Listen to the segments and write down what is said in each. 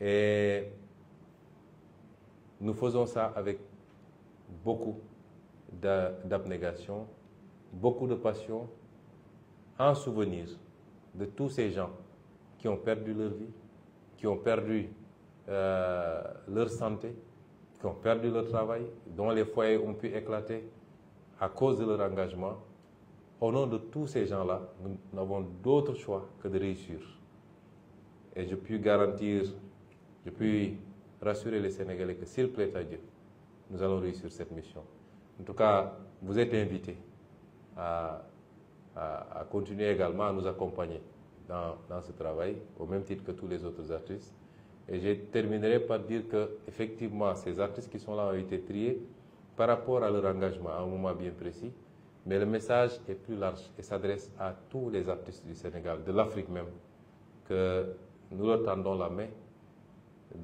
Et nous faisons ça avec beaucoup d'abnégation, beaucoup de passion, en souvenir de tous ces gens qui ont perdu leur vie, qui ont perdu euh, leur santé, qui ont perdu leur travail, dont les foyers ont pu éclater à cause de leur engagement. Au nom de tous ces gens-là, nous n'avons d'autre choix que de réussir. Et je puis garantir je puis rassurer les Sénégalais que s'il plaît à Dieu, nous allons réussir cette mission. En tout cas, vous êtes invités à, continuer également à nous accompagner dans, dans, ce travail, au même titre que tous les autres artistes. Et je terminerai par dire que, effectivement, ces artistes qui sont là ont été triés par rapport à leur engagement à un moment bien précis, mais le message est plus large et s'adresse à tous les artistes du Sénégal, de l'Afrique même, que nous leur tendons la main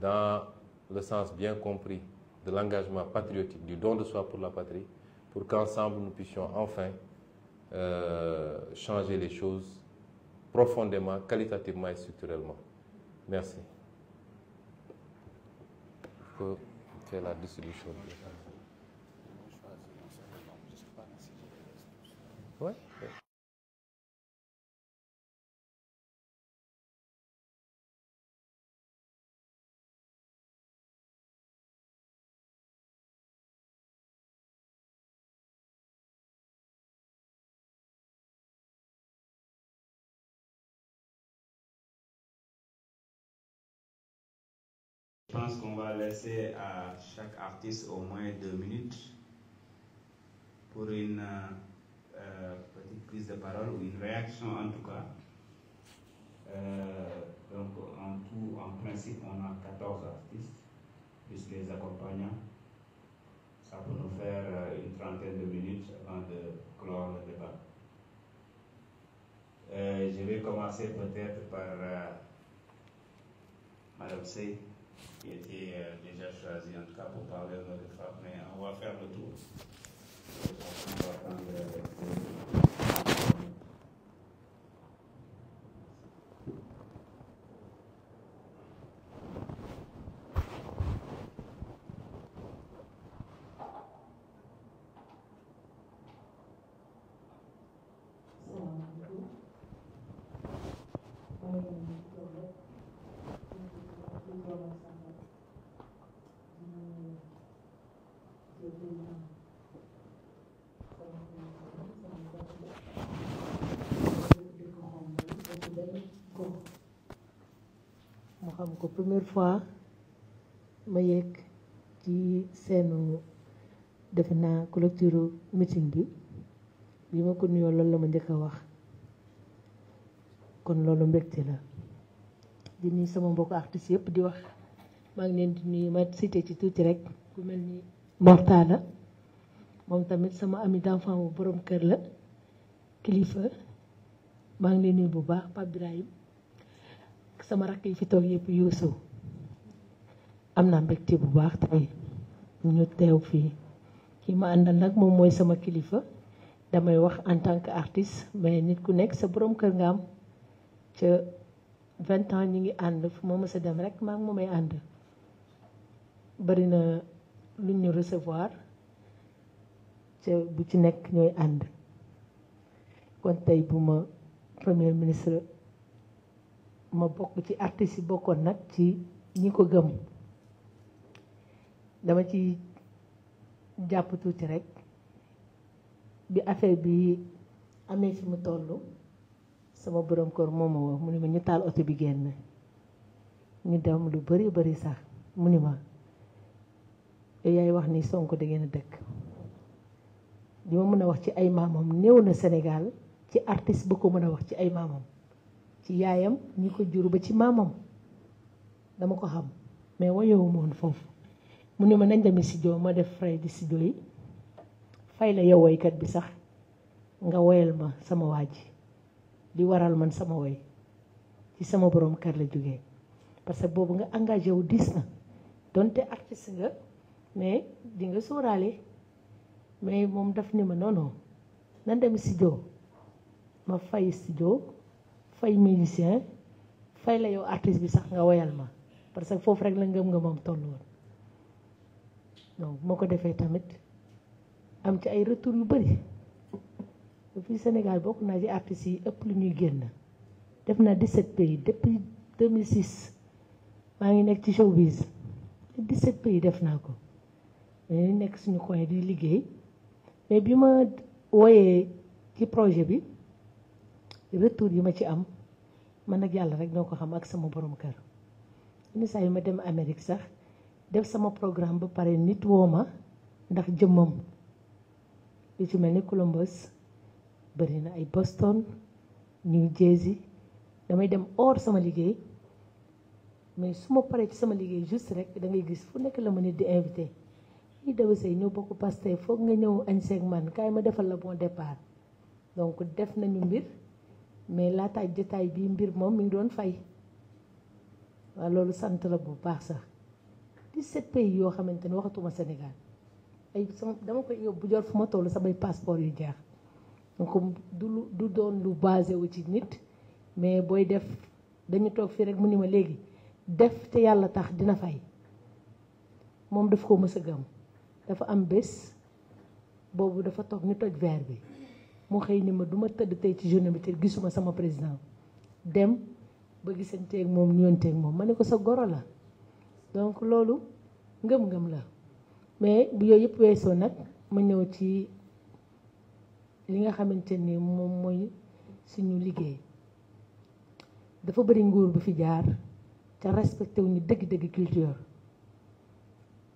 dans le sens bien compris de l'engagement patriotique, du don de soi pour la patrie, pour qu'ensemble nous puissions enfin euh, changer les choses profondément, qualitativement et structurellement. Merci. la distribution. Ouais. Je pense qu'on va laisser à chaque artiste au moins deux minutes pour une euh, euh, petite prise de parole ou une réaction en tout cas. Euh, donc en tout, en principe, on a 14 artistes, plus les accompagnants. Ça peut nous faire une trentaine de minutes avant de clore le débat. je vais commencer peut-être par Madame C qui était euh, déjà choisi en tout cas pour parler de notre mais on va faire le tour. Euh, xam ko première fois ma yegg ci seenu defe naa clôture meeting bi bi ma ko nuyoo loolu la ma njëkk a wax kon loolu mbégte la di nuyu sama mbokk artiste yépp di wax maa ngi leen di nuyu ma cité ci tuuti rek ku mel ni Mortala moom tamit sama ami d' d'enfant bu borom kër la kilifa maa ngi leen nuyu bu baax Pape Ibrahim sama rakk yi fi toog yëpp yuusu am naa mbégte bu baax tey ñu teew fii ki ma àndal nag moom mooy sama kilifa damay wax en tant que artiste mais nit ku nekk sa borom kër nga am ca vingt ans ñu ngi ànd fu ma mësa dem rek maa ngi moomay ànd bari na lu ñu recevoir ca bu ci nekk ñooy ànd kon tey bu ma premier ministre ma bokk ci artiste yi bokkoon nag ci ñi ko gëm dama ci jàpp tuuti rek bi affaire bi amee fi mu toll sama borom kër mooma wax mu ni ma ñu taal oto bi génn ñu dem lu bari bari sax mu ni ma eh, yaay wax ni sonko da ngeen a dëkk li ma mën a wax ci ay maamam néew na Sénégal ci artiste bu ko mën wax ci ay maamam ci yaayam ñi ko jur ba ci maamam dama ko xam mais woyowu moon foofu mu ne ma nañ demee studio ma def frais di studio yi fay la yow woykat bi sax nga woyal ma sama waa ji di waral man sama woy ci sama borom kër la jógee parce que boobu nga engagé wu diis na donte artiste mais di nga sóoraale mais moom daf ni ma non non nan dem studio ma fay studio fay musicien fay la yow artiste bi sax nga woyal ma parce que foofu rek la ngëm nga moom toll woon donc moo ko defee tamit am ci ay retour yu bëri fii Sénégal bokk naa ci artistes yi ëpp lu ñuy génn def naa 17 pays depuis 2006 maa ngi nekk ci showbiz 17 pays def naa ko dañuy nekk suñu coin di liggéey mais bi ma wooyee ci projet bi retour yu ma ci am man ak yàlla rek noo ko xam ak sama borom kër yenn saa yi ma dem Amérique sax def sama programme ba pare nit woo ma ndax jëmmam li ci mel ni Columbus bëri na ay Boston New Jersey damay dem or sama liggéey mais su ma paree ci sama liggéey juste rek da ngay gis fu nekk la ma nit di invité ñuy daw say ñëw bokk paste foog nga ñëw añ seeg man kaay ma defal la bon départ donc def nañu mbir mais laataay jataay bii mbir moom mi ngi doon fay waaw loolu sant la bu baax sax 17 pays yoo xamante ne waxatuma Sénégal ay sama dama koy yóbbu jor fu ma toll samay passeport yu jeex donc du du doon lu basé wu ci nit mais booy def dañu toog fii rek mu ni ma léegi def te yàlla tax dina fay moom daf ko mës gëm dafa am bés boobu dafa toog ñu toj verre bi mu xëy ni ma du ma tëdd tey ci journée gisuma sama président dem ba gisanteeg moom ñoonteeg moom ma ne ko sa goro la donc loolu ngëm-ngëm la mais bu yooyu yëpp weesoo nag ma ñëw ci li nga xamante ni moom mooy suñu liggéey dafa bëri nguur bu fi jaar te respecté wuñu dëgg-dëgg culture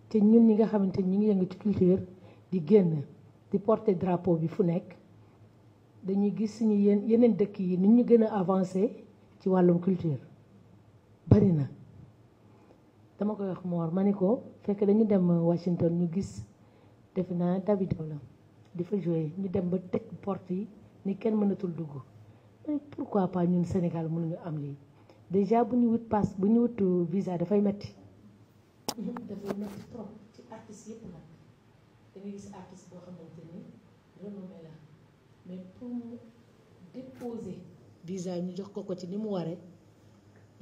te ñun ñi nga xamante ni ñu ngi yëngu ci culture di génn di porter drapeau bi fu nekk dañuy gis suñu yéen yeneen dëkk yi ni ñu gën a avancé ci wàllum culture bari na dama koy wax Mor ma ni ko fekk dañu dem Washington ñu gis defe naa David la di fa joué ñu dem ba teg porte yi ni kenn mënatul dugg mais pourquoi pas ñun Sénégal mënuñu am lii déjà bu ñu wut passe bu ñu wut visa dafay metti dafay metti trop ci artiste yëpp nag mais pour déposer visa ñu jox ko ko ci ni mu waree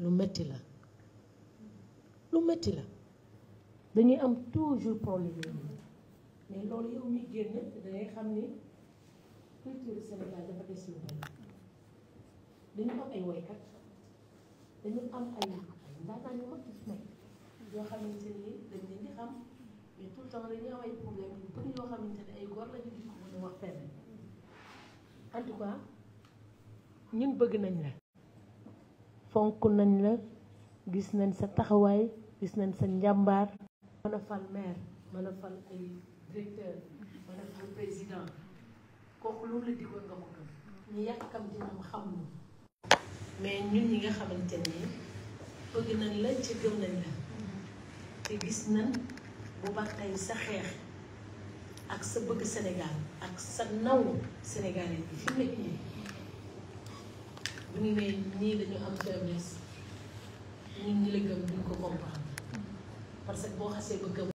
lu metti la lu metti la dañuy am toujours problème mais loolu yow muy génn dangay xam ni culture Sénégal dafa des lu bari dañu am ay woykat dañu am ay ndaanaan yu mag ci nekk yoo xamante ni dañ leen di xam mais tout le temps dañuy am ay problème yu bëri yoo xamante ne ay gor la ñu di ko mën wax fenn en ñun bëgg nañ la fonk nañ la gis nañ sa taxawaay gis nañ sa njàmbaar mën a fal maire mën a fal ay directeur mën a fal président kooku loolu la digoon nga ko gëm ñu yàkkam dina xam nu mais ñun ñi nga xamante ni bëgg nañ la ci gëm nañ la te gis nañ bu baax sa xeex ak sa bëgg Sénégal ak sa naw sénégalais bi fi mu nekk nii bu ñu nee nii dañu am faiblesse ñun ñi la gëm duñ ko comprendre parce que boo xasee ba